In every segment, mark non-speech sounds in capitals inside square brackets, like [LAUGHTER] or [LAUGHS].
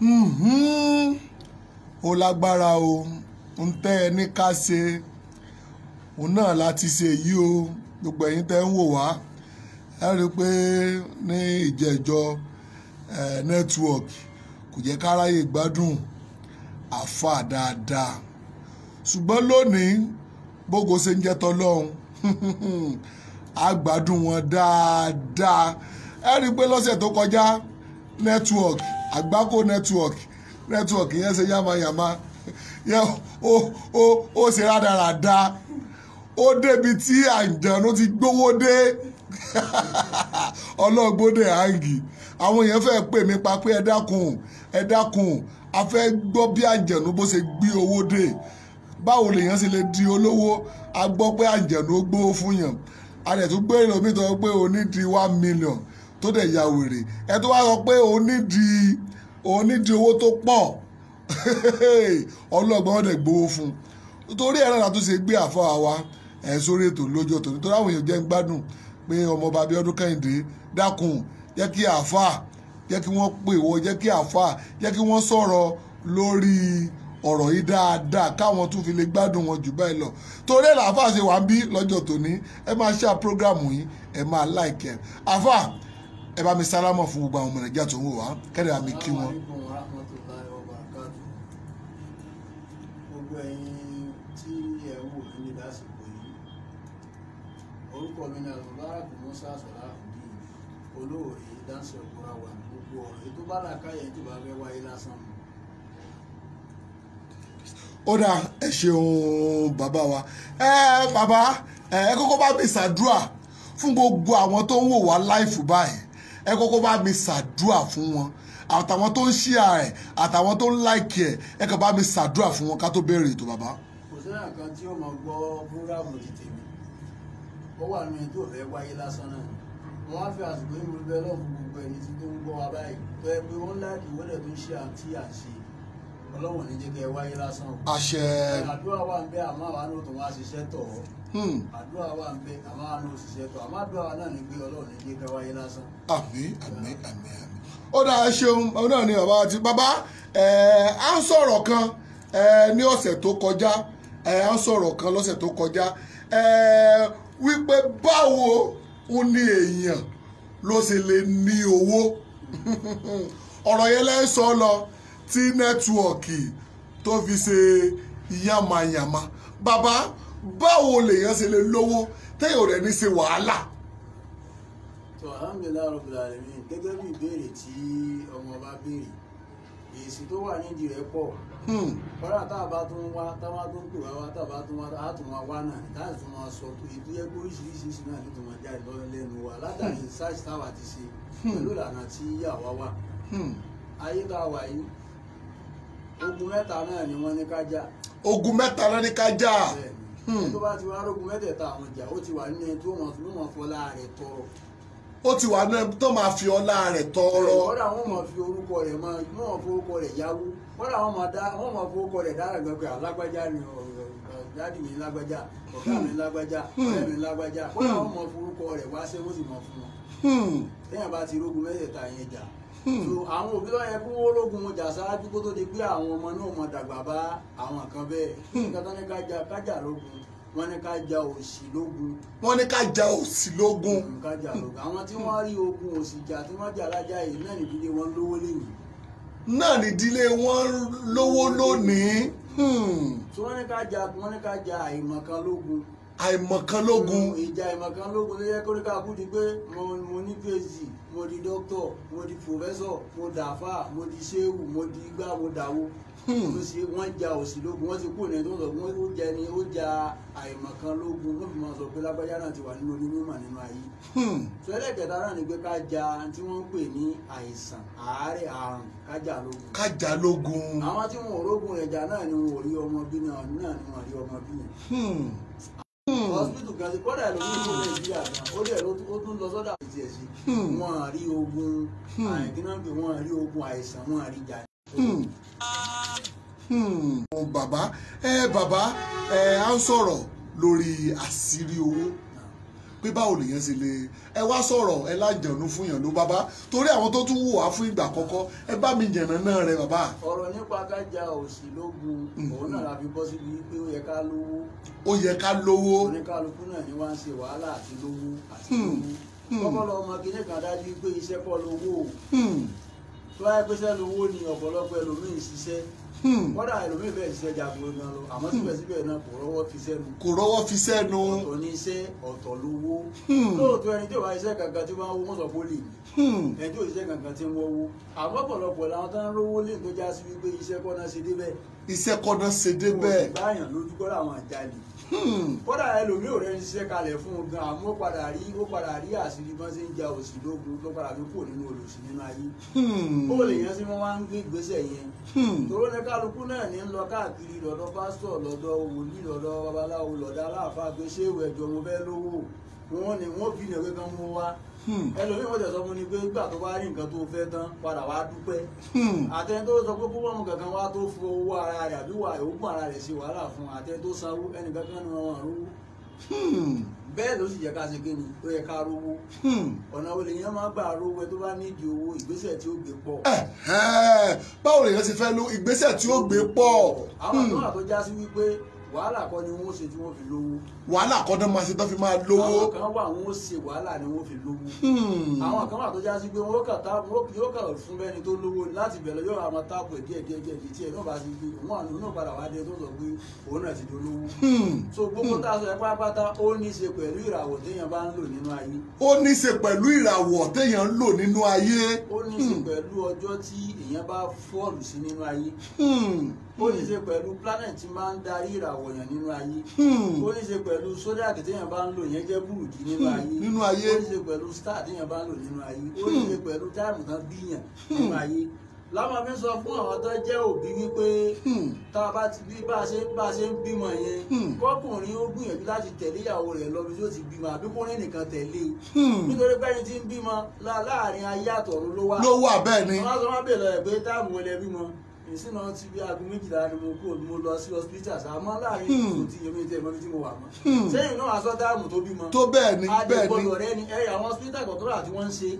Mhm. ó lágbára o ń tẹ́ ẹ ní ká ṣe òun náà láti ṣe yìí o gbogbo ẹ̀yin tẹ́ ń wò wá ẹ rí i pé ní ìjẹ́jọ́ nẹ́tíwọ̀kì kò jẹ́ káráyè gbádùn àfa dáadáa ṣùgbọ́n lónìí bógo ṣe ń jẹ́ tọ́lọ́hún á [LAUGHS] gbádùn wọn dáadáa ẹ rí i pé lọ́sẹ̀ tó kọjá. network àgbákò network network yẹn ṣe yamayama yẹn ó ó ó ṣe rádaràda ó débi tí àjànú ti gbówó dé [LAUGHS] ọlọ́gbọ́dẹ̀ hangi àwọn èèyàn fẹ́ pè mí pa pé ẹ dákun ẹ dákun a fẹ́ gbọ́ bí àjànú bó ṣe gbé owó dé báwo lèèyàn ṣe lè di olówó a gbọ́ pé àjànú ó gbówó fún yàn a dẹ̀ tún gbé ìlòmítọ́ pé o ní di one million tó dẹ̀ ya wèrè ẹ tó wá sọ pé òun nídìí òun nídìí owó tó pọ̀ [LAUGHS] ọlọ́gbọ́n dẹ̀ gbowó fún un torí ẹ̀rọ àtúnṣe gbé àfọ́ àwa ẹ̀ sórí ètò lójó tòní torí àwọn èèyàn jẹ́ ń gbádùn pé ọmọọba Abíọ́dún Kẹ́hìndé dákun jẹ́ kí àfà jẹ́ kí wọ́n pè wọ́n jẹ́ kí àfà jẹ́ kí wọ́n sọ̀rọ̀ lórí ọ̀rọ̀ yìí dáadáa káwọn tún fi lè gbádùn wọn jù báyìí lọ torí ẹ̀ làáfà ṣe wà ń bí lọ́jọ́ tòní ẹ máa ṣe à yìí ẹ máa láìkẹ́ àfà ẹ bá mi sálámọ̀ fún gbogbo àwọn ọmọ nàìjíríà tó ń wò wá kẹ́lẹ́ bá kí wọn. gbogbo ẹ̀yin tí ẹ ń wò nílé lásìkò yìí orúkọ mi ni alùbáràkù musa sọláàfù olóòrè dáńsì ọ̀gbọ́ra wà ní gbogbo ètò bá làákàyè tí bá fẹ́ wáyé lásán ó dáa ẹ ṣeun bàbá wa ẹ bàbá ẹ kókó bá mi ṣàdúrà fún gbogbo àwọn tó ń wò wá láìfù báyìí ẹ kọ́kọ́ bá mi ṣàdúrà fún wọn àtàwọn tó ń ṣíà ẹ̀ àtàwọn tó ń láìkì ẹ̀ ẹ kàn bá mi ṣàdúrà fún wọn ká tó bẹ̀rẹ̀ ètò bàbá. kò sí náà kan tí yóò máa gbọ́ búráàmù ti tèmi ó wà nínú ètò ọ̀fẹ́ wáyé lásán náà wọ́n á fi àsìkò yìí bẹ́ẹ̀ lọ́ọ̀ fún gbogbo ẹni tí tó ń gbọ́ wa báyìí pé wọ́n láìkì ọlọ́wọ̀n ní jẹ́ wáyé lásán. àṣẹ. àdúrà wà ń bẹ́ àmọ́ àwọn àánú tó wá ṣiṣẹ́ tọ̀ ọ́. Hmm. àdúrà wa ń bẹ àmọ́ àánú òṣìṣẹ́ tó àmọ́ àdúrà wa náà ní gbé ọlọ́run ní jẹ́ káwáyé lásán. àmín àmín àmín àmín ó dáa ṣeun òun náà ni bàbá àti bàbá à ń sọ̀rọ̀ kan ní ọ̀sẹ̀ tó kọjá à ń sọ̀rọ̀ kan lọ́sẹ̀ tó kọjá wípé báwo ó ní èèyàn ló ṣe lè ní owó [LAUGHS] ọ̀rọ̀ yẹn lẹ́ sọ lọ tí nẹ́tíwọ̀kì tó fi ṣe yàmàyàmà bàbá báwo lèèyàn ṣe lè lówó téèyàn rẹ̀ ní ṣe wàhálà. tó alhamdulilayi rabbil alamin gẹ́gẹ́ bí ìbéèrè tí ọmọ bá béèrè èsì tó wà nídìí rẹ̀ pọ̀ hmm. kọ́lá tá a bá tún wá tá a bá tún pè wá tá a bá tún wá á tún wá wá náà tá a tún máa sọ tó ètò yẹ pé oríṣiríṣi sí náà ló tún máa jáde lọ́wọ́ lẹ́nu wa látàrí hmm. research táwa ti ṣe hmm. pẹ̀lú ìlànà tí yàwá wà ayé tá a wà yìí ogun mẹ́ta náà ni wọ́n ní ká jà. ogun mẹ́ta náà ni ká jà. bẹ́ẹ̀ ni Hmm. tó bá ti wá rógun mẹ́tẹ̀ẹ̀ta àwọn ìjà ó ti wà nínú ẹni tó mọ̀ fọlá rẹ̀ tọrọ. ó ti wà nínú ẹni tó máa fi ọlá rẹ̀ tọrọ. kọ́dà wọ́n máa fi orúkọ rẹ̀ máa wọ́n fi orúkọ rẹ̀ yáwó kọ́dà wọ́n máa fi orúkọ rẹ̀ dára gbẹgbẹ alágbájá ni dáàdì mi lágbájá ọ̀gá mi hmm. lágbájá hmm. ọ̀rẹ́ mi lágbájá kọ́dà wọ́n máa fi orúkọ rẹ̀ wá ṣé máa fún wọn. téèyàn bá ti rógun mẹ́tẹ̀ẹ̀ta yẹn jà àwọn òbí lọ́yẹ kó wọ́n lógun mo jà sáájú kó tó di pé àwọn ọmọ náà mọ dàgbà bá àwọn kan bẹ́ẹ̀ kátó hmm. ní ká jà kájà lógun wọ́n ní ká jà òsì lógun. wọ́n ní ká jà òsì lógun. Hmm, ká jà lógun àwọn tí wọ́n rí ogun òsì jà tí wọ́n jà lájà yìí náà nídìílé wọn lówó lẹ́yìn. náà nídìílé wọn lówó lónìí. tí hmm. wọ́n ní ká jà wọ́n ní ká jà àìmọ̀kan lógun àìmọ̀kan lógun. ìjà àìmọ̀kan lógun ló yẹ kó ní ká kú di pé mo ní phd mo di dókítọ̀ mo di pòfẹ́sọ̀ mo dàáfà mo di ṣéwù mo di igbá mo dàwo hmm. mo sì òsì lógun wọ́n ti kú ní ìdúró wọ́n ó jẹ ó ja àìmọ̀kan lógun wọ́n fi máa sọ pé lágbájá náà ti wà nínú onímọ̀ nínú ayé hmm. sọ ẹlẹ́kẹ̀ẹ́ta náà ni pé ká ja tí wọ́n pè ní àìsàn àárẹ̀ àrùn kájà lógun. kájà lógun. àwọn tí wọn ò rógun ẹ̀jà náà ni wọn ò rí ọmọ bí náà ni wọn ò rí ọmọ bí yẹn. Hmm hospital kan sí kọ́dà ló ní ìlú nàìjíríà ó dẹ̀ ó tún lọ sọ́dà àti ẹ̀ sí wọn àrí hmm. ogun hmm. àìkíná pé wọn àrí ogun àìsàn wọn àrí jà bàbá ẹ bàbá ẹ à ń sọ̀rọ̀ lórí àṣírí owó pé báwo lèèyàn sì lè ẹ wá sọ̀rọ̀ ẹ lájẹ̀nu fún yàn ló bàbá torí àwọn tó tún wò wá fún ìgbà àkọ́kọ́ ẹ bá mi jẹ̀nà náà rẹ bàbá. ọ̀rọ̀ nípa kájà òsì lógun mm-hmm. òun náà la bọ́ síbi pé ó yẹ ká lówó. ó yẹ ká lówó. oníkálukú náà ni wá ń ṣe wàhálà àti lówó àti hmm. lówó. Hmm. kọ́kọ́ ọmọ kìíní kan dájú pé iṣẹ́ kọ́ lówó. Hmm. tó bá yẹ pé ni ọ̀pọ̀lọpọ̀ Hmm. kọ́dà ẹlòmíì bẹ́ẹ̀ ṣiṣẹ́ jagun gan lọ àmọ́ hmm. síbẹ̀síbẹ̀ náà kò rọ́wọ́ fi sẹ́nu. kò rọ́wọ́ fi sẹ́nu. ọ̀tọ̀ ní iṣẹ́ ọ̀tọ̀ lówó. Hmm. lóòótọ́ ẹni tí ò bá iṣẹ́ kankan tí wọ́n á wó wọ́n sọ pé ó lè ní. ẹni tí ò iṣẹ́ kankan tí wọ́n wó. àmọ́ làwọn tán ń rówó lè tó já sí wípé iṣẹ́ kọ́ náà ṣe débẹ̀ iṣẹ́ kọ́nà ṣe débẹ̀. mo ti báyàn lójú kọ́ra àwọn àjálù hmm. kódà ẹlòmíì ò rẹni ṣiṣẹ́ kalẹ̀ fún un gan àmọ́ padà rí ó padà rí àṣírí bọ́n ṣe ń ja òṣì lógun tó padà tó kù nínú olùsí nínú ayé ó lè yan sí wọn wá ń gbé ìgbésẹ̀ yẹn hmm. tòró ní kálukú náà ní ń lọ káàkiri lọ́dọ̀ pásítọ̀ lọ́dọ̀ wòlíì lọ́dọ̀ babaláwo lọ́dọ̀ aláàfáà gbéṣẹ́ ìwẹ̀jọ mo fẹ́ lówó wọn ni wọn fi Hmm. ẹlòmíì wọ́n tẹ̀sọ́ fún ni pé gbà tó bá rí nǹkan tó fẹ́ tán padà wá dúpẹ́ hmm. àtẹni tó sọ pé púpọ̀ nǹkan kan wá tó fọ owó ara rẹ̀ àbí wà ìhókùn ara rẹ̀ ṣe wàhálà fún àtẹni tó sanwó ẹnìkan kan ní wọn rúwú hmm. bẹ́ẹ̀ ló sì yẹ ká ṣe kí ó yẹ ká rówó ọ̀nà olè yẹn máa gbà rówó ẹ tó bá nídìí owó ìgbésẹ̀ tí ó gbé pọ̀. báwo lèèyàn ti fẹ́ lo ìgbésẹ̀ tí ó gbé pọ̀. àwọn àtúntò àtọ́já sí wípé wàhálà kọ́ ni wọ́n ṣe tí wọ́n fi lówó. wàhálà kọ́ ni màá ṣe tó fi máa lówó. àwọn kan wà wọ́n ṣe wàhálà ni wọ́n fi lówó. Hmm. àwọn kan wà tó já sí pé wọ́n kà tá yóò kà fún bẹ́ni tó lówó láti bẹ̀rẹ̀ yóò máa táàpù ẹ̀ díẹ̀ díẹ̀ díẹ̀ tí ẹ̀ bá ti gbé wọn àná náà padà wá dé tó sọ pé òun náà ti dolówó. Hmm. so gbogbo tá a sọ ẹ pátápátá ó ní í ṣe pẹ̀lú ìràwọ̀ téèyàn bá ń lò nínú ayé. ó ní í ṣe pẹ̀lú ìràwọ̀ téèyàn ń lò nínú ayé. ó ní í ṣe hmm. pẹ̀lú ọjọ́ tí èèyàn bá fọ́ọ̀lù sí nínú ayé ó ní ṣe pẹ̀lú planet máa ń darí ìràwọ̀ yàn nínú ayé hmm. ó ní ṣe pẹ̀lú zodiac téèyàn bá ń lò yẹn jẹ́ búrùdì hmm. nínú ayé ó ní ṣe pẹ̀lú star téèyàn bá ń lò nínú ayé ó ní hmm. ṣe pẹ̀lú táìmù tán bíyàn nínú ayé lámà fi sọ fún àwọn tó jẹ́ òbí wípé tá a bá ti bí bá a ṣe bá a ṣe ń bímọ yẹn kọkùnrin ó gbìyànjú láti tẹ̀lé ìyàwó rẹ̀ lọ bí tó ti bímọ àbí kúnrin nìkan tẹ̀lé nítorí pẹ́ni tí ń bímọ láàárín ayé àtọ̀run ló wà. ló wà bẹ́ẹ̀ ni. wọ́n sọ wọ́n bèèrè ẹ̀ pé táàmù wọlé ìsìn ti bí aago méjìlá ni mo kúrò mo lọ sí hospital àmọ́ láàrin hmm. ìṣòro tí yẹmi tẹ ìmọbi tí mo wà mọ hmm. sẹ́yìn náà aṣọ dáàmù tó bímọ tó bẹ́ẹ̀ ni bẹ́ẹ̀ ni àdìgbọlọ rẹ ni ẹyà àwọn hospital kọkọrọ àti wọn ṣe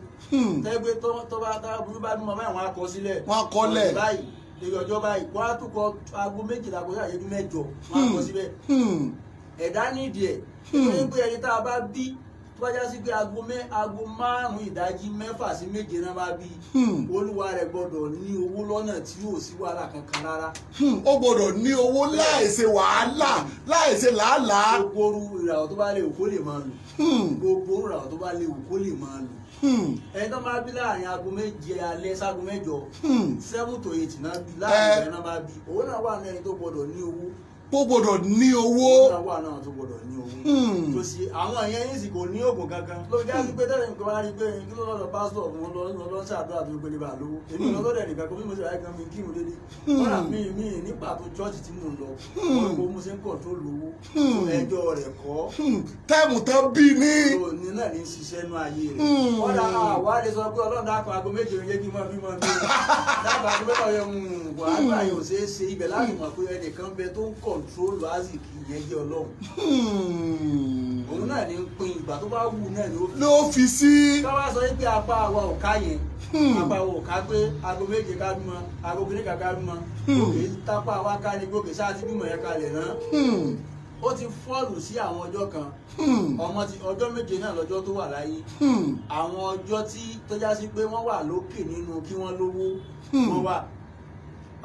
tẹgbẹ tọba tára burú bá bímọ báyìí wọn akọ sílẹ̀ wọn akọ lẹ báyìí lèrè ọjọ́ báyìí wọn àtúkọ aago méjìlá kọjá àyẹdú mẹ́jọ wọn akọ hmm. síbẹ̀ ẹ̀dá nídìí ẹ pé ẹni tá a bá bí tó bá jásí pé aago mẹ́ aago márùn ìdájí mẹ́fà sí méje náà bá bí hmm. olúwa rẹ̀ gbọ́dọ̀ ní owó lọ́nà tí yóò sí wàhálà kankan rárá. ó hmm. gbọ́dọ̀ ní owó láìṣe wàhálà láìṣe làálàá. gbogbo ìràwọ̀ tó bá lè wò lè máa lò hmm. gbogbo ìràwọ̀ tó bá lè wò lè máa lò ẹni tó máa bí láàrin aago méje alẹ́ ságo mẹ́jọ seven to eight náà bí eh. láàrin ìgbà bá bí òun náà wà ní ẹni tó gbọ́dọ̀ ní owó ó gbọ́dọ̀ ní owó. ó náà tó gbọ́dọ̀ ní owó. Hmm. tó àwọn èèyàn yín sì kò ní oògùn kankan. ló jẹ́ àti pé tẹ́lẹ̀ nǹkan wá rí pé kí ló lọ́dọ̀ pásítọ̀ mo lọ mo lọ ṣàdúrà tó gbélé bá lówó. èmi hmm. lọ lọ́dọ̀ ẹ̀nìkan kó bí mo ṣe ráyè gan mi kí mo délé. wọ́n hmm. rà mí mí ní pàtó chọ́ọ̀chì tí mò ń lọ. wọ́n mo ṣe ń kọ̀ tó lówó. ẹjọ́ rẹ̀ kọ́. táìmù tán bí ní. òní [LAUGHS] kọ̀ntrólù azìkì yẹn jẹ́ ọlọ́run hmm. òun náà ní pin ìgbà tó bá wù náà ni ó fi. ló fi sí. káwá sọ pé apá àwa ò ká yẹn hmm. apá àwa ò ká pé aago méje ká bímọ aago kìnìkà ká bímọ hmm. gòkè tápá àwa ká ní gòkè sáà ti bímọ yẹn kalẹ̀ náà ó ti fọ́ọ̀lù sí àwọn ọjọ́ kan ọmọ ti ọjọ́ méje náà lọ́jọ́ tó wà láyé àwọn ọjọ́ tí tọ́já sí pé wọ́n wà lókè nínú kí wọ́n lówó wọ́n wà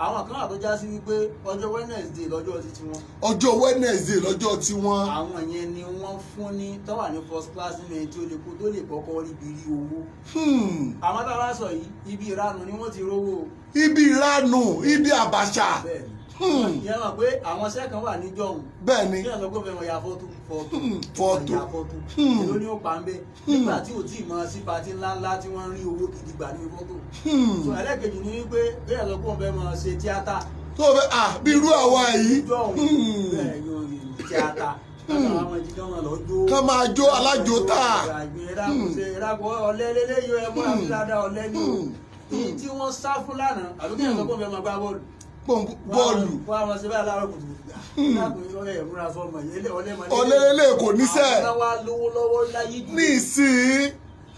àwọn kan wà tó já sí wípé ọjọ́ wednesday lọ́jọ́ ti tiwọn. ọjọ́ wednesday lọ́jọ́ tiwọn. àwọn yẹn ni wọ́n fún ní tó wà ní first class nínú ẹni tí ó lè kó tó lè kọ́kọ́ ríbi rí owó. Hmm. àwọn tá a bá sọ yìí ibi ìranu ni wọ́n ti rówó. ibi ìranu ibi àbàṣà. bẹ́ẹ̀ni Hmm. yẹn mọ̀ pé àwọn iṣẹ́ kan wà níjọ́ òun bẹ́ẹ̀ ni kí ọ̀sán gbọ́dọ̀ fẹ́ ya fọ́tò fọ́tò fọ́tò èló ni ó pa ń bẹ hmm. nígbà tí ò tí ì mọ sí patí ńláńlá tí wọ́n ń rí owó gidi gbà ní fọ́tò hmm. so ẹlẹ́kejì ni wípé kí ọ̀sán gbọ́dọ̀ fẹ́ mọ ṣe tíátà tó fẹ́ à bí irú àwa yìí ká máa jó alájò tá a. ìràgbọ́ ọ̀lẹ́ lélẹ́yọ̀ ẹ̀mọ́ àfíládà ọ̀lẹ́ ni tí wọ́n sá fún lánàá àbí kí ọ̀sán gbọ́dọ̀ fẹ́ máa gbá bọ́ọ̀lù bọ́ọ̀lù. Hmm. ọ̀lẹ́ ilé kò níṣẹ́ ní ìsìn.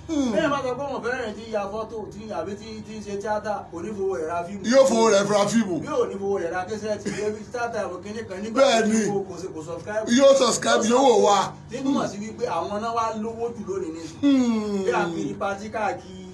Hmm. bẹ́ẹ̀ máa sọ pé fẹ́rẹ̀ ti ya fọ́tò tí àbí tí ń ṣe tíátà onífowó rẹ̀ fíìmù. yóò fowó rẹ̀ ra fíìmù. yóò nífowó rẹ̀ ra kẹsẹ̀tì lórí tíátà ẹ̀rọ kínní kan nígbà tí kò kò subscribe. yóò subscribe yóò wò wá. nínú mọ̀ sí wípé àwọn náà wá lówó jù lónìí ní. Hmm. bí àpèjì pati káàkiri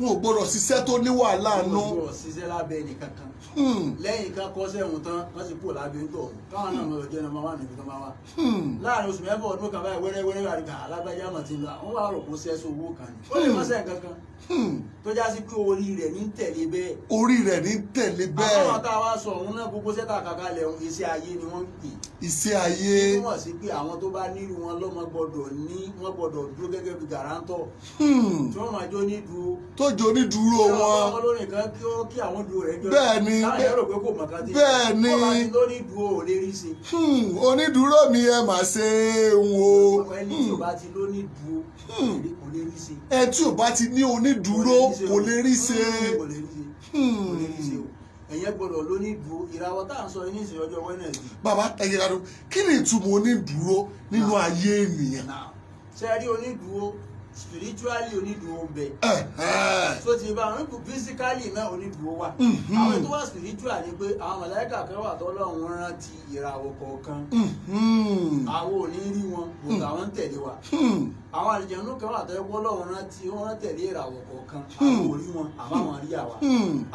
wọn ò gbọdọ̀ ṣiṣẹ́ tó ní wàhálà nù. wọn ò gbọdọ̀ ṣiṣẹ́ lábẹ́ ẹnìkan kan. Hmm. lẹ́yìn kan kọ́ sẹ́wọ̀n tán wọ́n sì kú lábẹ́ ń tọ̀ káwọn náà hmm. lọ jẹ́ nàmọ́ wà níbi tó máa wá. Hmm. láàrin oṣù mẹ́fọ̀ ọdún kan báyìí wẹ́rẹ́ wẹ́rẹ́ àríkà alágbájá mà ti ń lọ àwọn wà rò kó sẹ́sọ owó kan ni. ó lè má sẹ́yìn kankan. tó já sí pé orí rẹ̀ ní tẹ̀lé bẹ́ẹ̀. orí rẹ̀ ní tẹ̀lé bẹ́ẹ̀. àwọn tá a wá sọ ni wọ́n ń pè. iṣẹ́ ayé. túmọ̀ sí pé àwọn tó bá nílù wọn lọ́mọ gbọ́dọ̀ ní wọ́n gbọ́dọ̀ dúró tó jò ní dúró wọn. bẹ́ẹ̀ ni bẹ́ẹ̀ ni onídùúró mi ẹ mà ṣe é wo. Hmm. Hmm. ẹ tí ò bá ti ní onídùúró kò lè rí hmm, ṣe ẹ̀yẹ́ gbọ́dọ̀ ló ní dúró ìràwọ̀ tá à ń sọ ní ìsìn ọjọ́ Wednesday. bàbá ẹ̀yẹ́ dàdú kí ni ìtumọ̀ onídùúró nínú ayé ènìyàn. ṣé ẹ rí onídùúró spiritually onídùúró ń bẹ so ti bá àwọn kò physically náà onídùúró wà mm-hmm. àwọn tó wà spiritual ni pé àwọn màláíkà kan wà tọ́lọ́run rán ti ìràwọ̀ kọ̀ọ̀kan mm-hmm. àwọn ò ní rí wọn kò táwọn mm-hmm. ń tẹ̀lé wa àwọn àlùjànnú kan wà tọ́lọ́run Ọlọ́run rán ti wọ́n tẹ̀lé ìràwọ̀ kọ̀ọ̀kan àwọn ò rí wọn àmọ́ àwọn rí àwa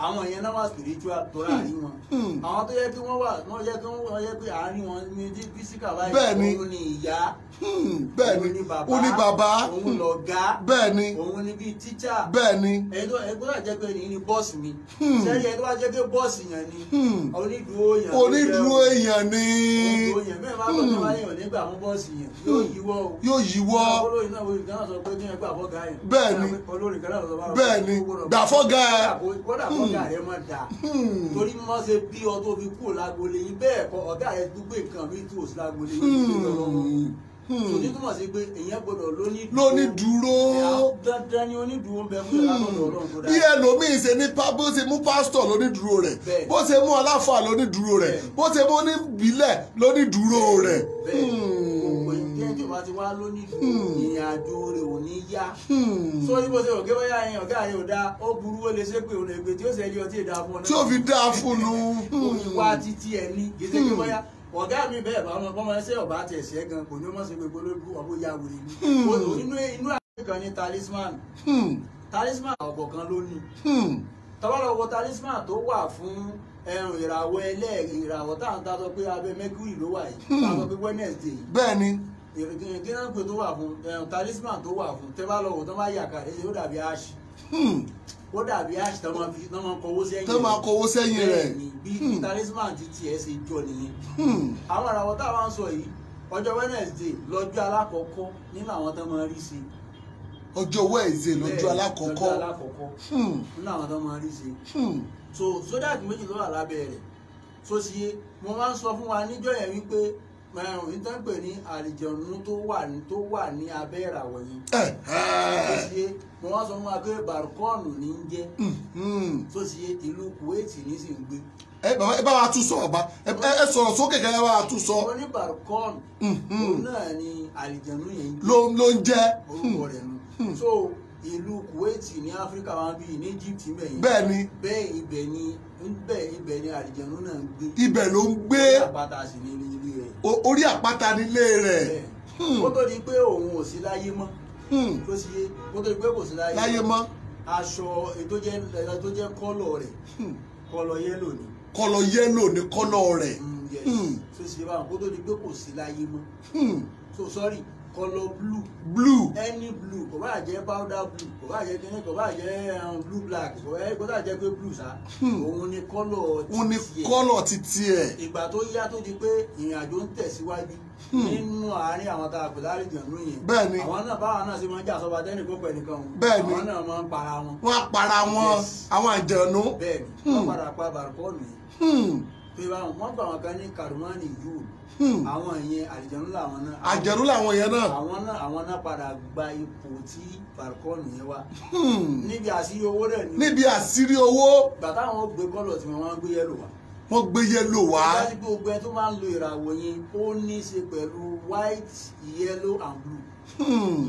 àwọn yẹn náà wà spiritual tọ́lá rí wọn àwọn tó yẹ kí wọ́n wà wọ́n yẹ kí wọ́n yẹ pé àárín wọn ní physical báyìí òun ni ìyá hmm. òun ni bàbá òun lọ̀gá hmm ọ̀gá. bẹ́ẹ̀ ni òun ni bíi tíṣà. bẹ́ẹ̀ ni ẹgbẹ́ àjẹ́ pé ní bọ́ọ̀sì mi. sẹ́yìn hmm. ẹni wá jẹ́ pé bọ́ọ̀sì yẹn hmm. ni. onídùúró yẹn. onídùúró yẹn ni. onídùúró yẹn mẹ́rin máa bọ̀ tó máa yàn nígbà àwọn bọ́ọ̀sì yẹn yóò hmm. yíwọ́ o. yóò yíwọ́. olórin náà olórin náà sọ pé kí ẹ gbà fọ́gà yẹn. bẹ́ẹ̀ ni olórin kan náà sọ bẹ́ẹ̀ ni gbà fọ́gà yẹn. kódà fọ́gà yẹn máa dà. torí mo ṣe bí ọ tó fi kúrò lágbolé yìí bẹ́ẹ̀ kọ ọ̀gá yẹn dúgbò nǹkan mi tó o sí lágbolé yìí òní hmm. túmọ̀ sí pé èèyàn gbọdọ̀ lóní dúró dandan ni onídùúró bẹ fún ìlànà ọlọ́run tó bí ẹlòmíín ṣe ní bó ṣe mú pásítọ̀ lóní dúró rẹ̀ bó ṣe mú aláfà lóní dúró rẹ̀ bó ṣe mú oníbílẹ̀ lóní dúró rẹ̀. òpò ìdẹ́jọ́ hmm. bá ti wá lóní dúró hmm. ìrìn àjò rẹ̀ ò ní yá. sọ yìí bó ṣe òkè bóyá yẹn ọ̀gá yẹn ò dáa ó burú ó lè ṣe pé òun ègbè tí ó ṣe ẹjọ́ tí ì ọ̀gá mi bẹ́ẹ̀ bá wọn kọ́ máa ṣe ọ̀bá àti ẹ̀ṣẹ́ gan kò ní ó mọ̀ sí gbogbo lójú ọ̀bó ya wèrè ni hmm. inú inú àgbẹ̀ kan ní talisman hmm. talisman ọ̀gọ̀ kan ló ní hmm. tọ́wọ́lọ́wọ́ talisman tó wà fún ẹrùn ìràwọ̀ ẹlẹ́ ìràwọ̀ tá à ń ta sọ pé abẹ́ mercury ló wà yìí tá a sọ pé wednesday bẹ́ẹ̀ ni Hmm. ó dàbí ash tó máa fi tó máa kọwó sẹ́yìn tó máa kọwó sẹ́yìn rẹ̀ bí hmm. talisman ti tiẹ̀ ṣe jọ nìyẹn hmm. àwọn àràwọ̀ tá a máa ń sọ yìí ọjọ́ Wednesday lọ́jọ́ alákọ̀ọ́kọ́ nínú àwọn tó máa rí sí i ọjọ́ Wednesday lọ́jọ́ alákọ̀ọ́kọ́ nínú àwọn tó máa rí sí i so zodiac méjì ló wà lábẹ́ rẹ̀ so sì yé mo máa ń sọ fún wa níjọ́ yẹn wípé ìtàn pè ní àlìjọ̀nù tó wà ní tó wà ní abẹ́ ìràwọ̀ yẹn. tó ṣe mo wá sọ fún wa pé barcon ní í jẹ́ mm-hmm. tó ṣe ìlú Kuwait ní sì ń gbé. ẹ bàbá ẹ bá wa tún sọ ọba ẹ sọ̀rọ̀ sókè kẹ ẹ bá wa tún sọ. ó ní barcon mm-hmm. òun náà ni àlìjọ̀nù yẹn ló ló ń jẹ́ orúkọ rẹ̀ nù. Mm-hmm. so ìlú Kuwait ní Áfíríkà wọn bí ní Egypt mẹ́yìn. bẹ́ẹ̀ ni bẹ́ẹ̀ ibẹ̀ ni ibẹ̀ ibẹ̀ ni àlìjọ̀nù náà ń gbé. ibẹ̀ ló ń gbé. àpáta sì ní ilé orí àpáta nílé rẹ̀. Hmm. Hmm. ó tó di pé òun ò sí láyé mọ́ tó hmm. sì yé ó tó di pé kò sí láyé mọ́ aṣọ tó jẹ́ tó jẹ́ kọ́lọ̀ rẹ̀ kọ́lọ̀ yẹ́lò ni. kọ́lọ̀ yẹ́lò ni kọ́lọ̀ rẹ̀. tó sì yé báwọn ó tó di pé kò sí láyé mọ́ so sorry kọlọ blue. blue. any blue kò bá jẹ́ powder blue kò bá jẹ́ kíní kò bá jẹ́ um, blue black kò bá kó dà jẹ́ pé blue sa. Hmm. òun ni kọlọ titi ẹ. òun ni kọlọ titi ẹ. ìgbà tó yá tó di pé ìrìn àjò ń tẹ̀síwájú hmm. nínú àárín àwọn tá a pè lárìjànú yìí. bẹ́ẹ̀ni àwọn náà báwọn náà ṣe máa ń jà sọba tẹnì kó pẹ̀lú kan wọn. bẹ́ẹ̀ni àwọn náà máa ń para wọn. wọn á para wọn àwọn àjànú. bẹ́ẹ̀ni hmm. wọn padà pa bàrùkọ́ọ̀nù yìí pé wọ́n pa àwọn kan ní karumani yúù hmm. àwọn yẹn àjẹnú làwọn náà. àjẹnú làwọn yẹn náà. àwọn náà àwọn náà padà gba ipò tí barikọ́ọ̀nù yẹn wà. Hmm. níbi àṣírí owó rẹ̀ ni. níbi àṣírí owó. bàtà àwọn gbé kọ́lọ̀ tí wọ́n gbé yẹ́lò wá. wọ́n gbé yẹ́lò wá. láti gbé ogun ẹ tó máa ń lo ìràwọ̀ yẹn ó ní í ṣe pẹ̀lú white yellow and blue. Hmm.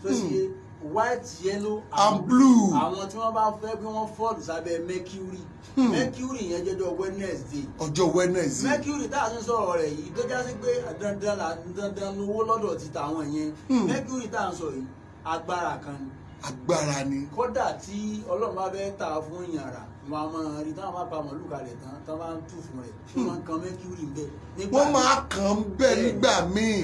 tó ṣe é white yellow and, blue àwọn tí wọ́n bá fẹ́ bí wọ́n fọ́ọ̀lù sábẹ́ mercury hmm. mercury yẹn jẹjọ wednesday ọjọ́ wednesday mercury tá a ti sọ̀rọ̀ rẹ̀ yìí tó jásí pé dandan la dandan lówó lọ́dọ̀ ti tàwọn yẹn hmm. mercury tá a sọ yìí agbára kan ni agbára ni kódà tí ọlọ́run bá fẹ́ ta fún yàrá wọn a máa rí táwọn máa pa màálù kalẹ̀ tán táwọn máa ń tù fún rẹ̀ wọ́n máa ń kan mẹ́kúrì ń bẹ̀. wọ́n máa kàn ń bẹ̀ nígbà míì.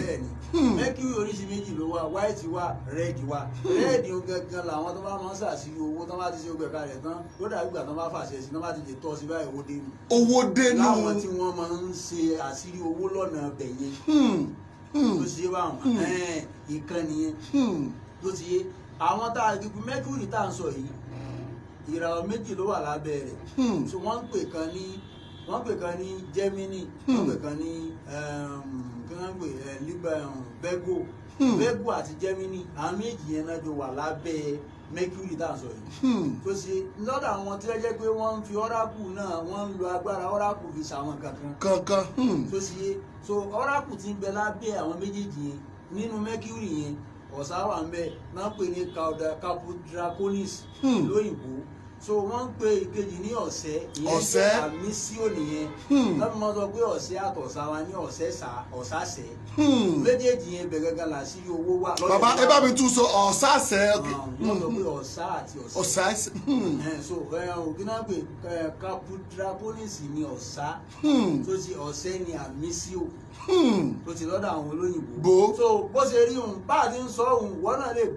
mẹ́kúrì hmm. oríṣi méjì ló wà white wà red wà hmm. red gangan làwọn tó bá máa ń ṣàṣírí owó tó bá ti ṣe ọgbẹ̀ kalẹ̀ tán ló dàbí ìgbà tó bá fàṣẹ sí tó bá ti lè tọ́ sí báyìí owó dénú. owó dénú. láwọn tí wọ́n máa ń ṣe àṣírí owó lọ́nà ọbẹ̀ yẹn ló ṣe báwọn ìkànnì yẹn ló ti yé hmm. to tá a gbẹgbẹ mẹ́kúrì tá à ń sọ yìí ìràwọ̀ méjì ló wà lábẹ́ rẹ̀ hmm. so wọ́n ń pè kan ní wọ́n ń pè kan ní Gemini wọ́n ń pè hmm. kan ní um, kí wọ́n ń pè eh, libra um, Virgo hmm. Virgo àti Gemini àwọn méjì yẹn náà jọ wà lábẹ́ Mercury tá à ń sọ yìí tó ṣe lọ́dọ̀ àwọn tí wọ́n jẹ́ pé wọ́n ń fi oracle náà wọ́n ń lo agbára oracle fi ṣàwọn kankan kankan tó ṣe so oracle ti ń bẹ lábẹ́ àwọn méjèèjì yẹn nínú Mercury yẹn ọ̀sá wà ń bẹ̀ náà pè ní capdraconis hmm. lóyìnbó so wọ́n ń pe ìkejì ní ọ̀sẹ́ ìyẹn jẹ́ àmísíò nìyẹn lọ́dún hmm. máa sọ pé ọ̀sẹ́ àtọ̀sá wa ní ọ̀sẹ́ sá ọ̀sásẹ́ hmm. méjèèjì yẹn bẹ̀rẹ̀ gàlà sí owó wa. bàbá ẹ bá mi tún sọ ọ̀sásẹ́. Ah, wọ́n sọ pé ọ̀sá àti ọ̀sẹ́. ọ̀sá. Eh, so ògínàgbè eh, eh, capdraconis ní ọ̀sá tó ti ọ̀sẹ́ ní àmísíò. Hmm. tó ti lọ́dọ̀ àwọn olóyìnbó. bó so bó ṣe rí bá a ti ń sọ òun náà lè rẹ̀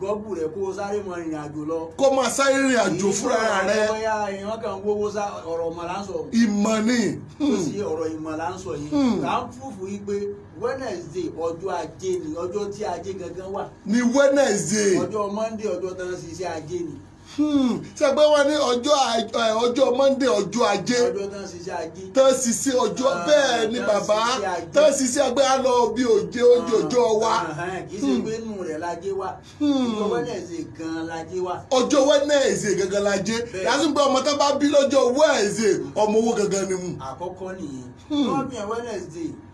kó o sáré mọ ìrìn àjò lọ. kó máa sáré rìn àjò fúnra rẹ̀. ìyá ìyá ìyàn kan wọ́wọ́ sá ọ̀rọ̀ ọmọ là ń sọ. ìmọ̀ ni. Hmm. sì ọ̀rọ̀ ìmọ̀ là ń sọ yìí. Hmm. ń ajé ni ọjọ́ tí ajé gangan wà. ni Wednesday. ọjọ́ Monday ọjọ́ tán ṣiṣẹ́ ajé ni. Hmm, ṣe wa ní ọjọ́ Monday ọjọ́ ajé tán ọjọ́ bẹ́ẹ̀ bàbá tán ṣiṣẹ́ bí òjé ah, ọjọ́ wa. Ah, ah, hmm. hmm. ọjọ́ gan gangan lajé ọmọ tó bá bí lọ́jọ́ ọmọ owó gangan ni mu. àkọ́kọ́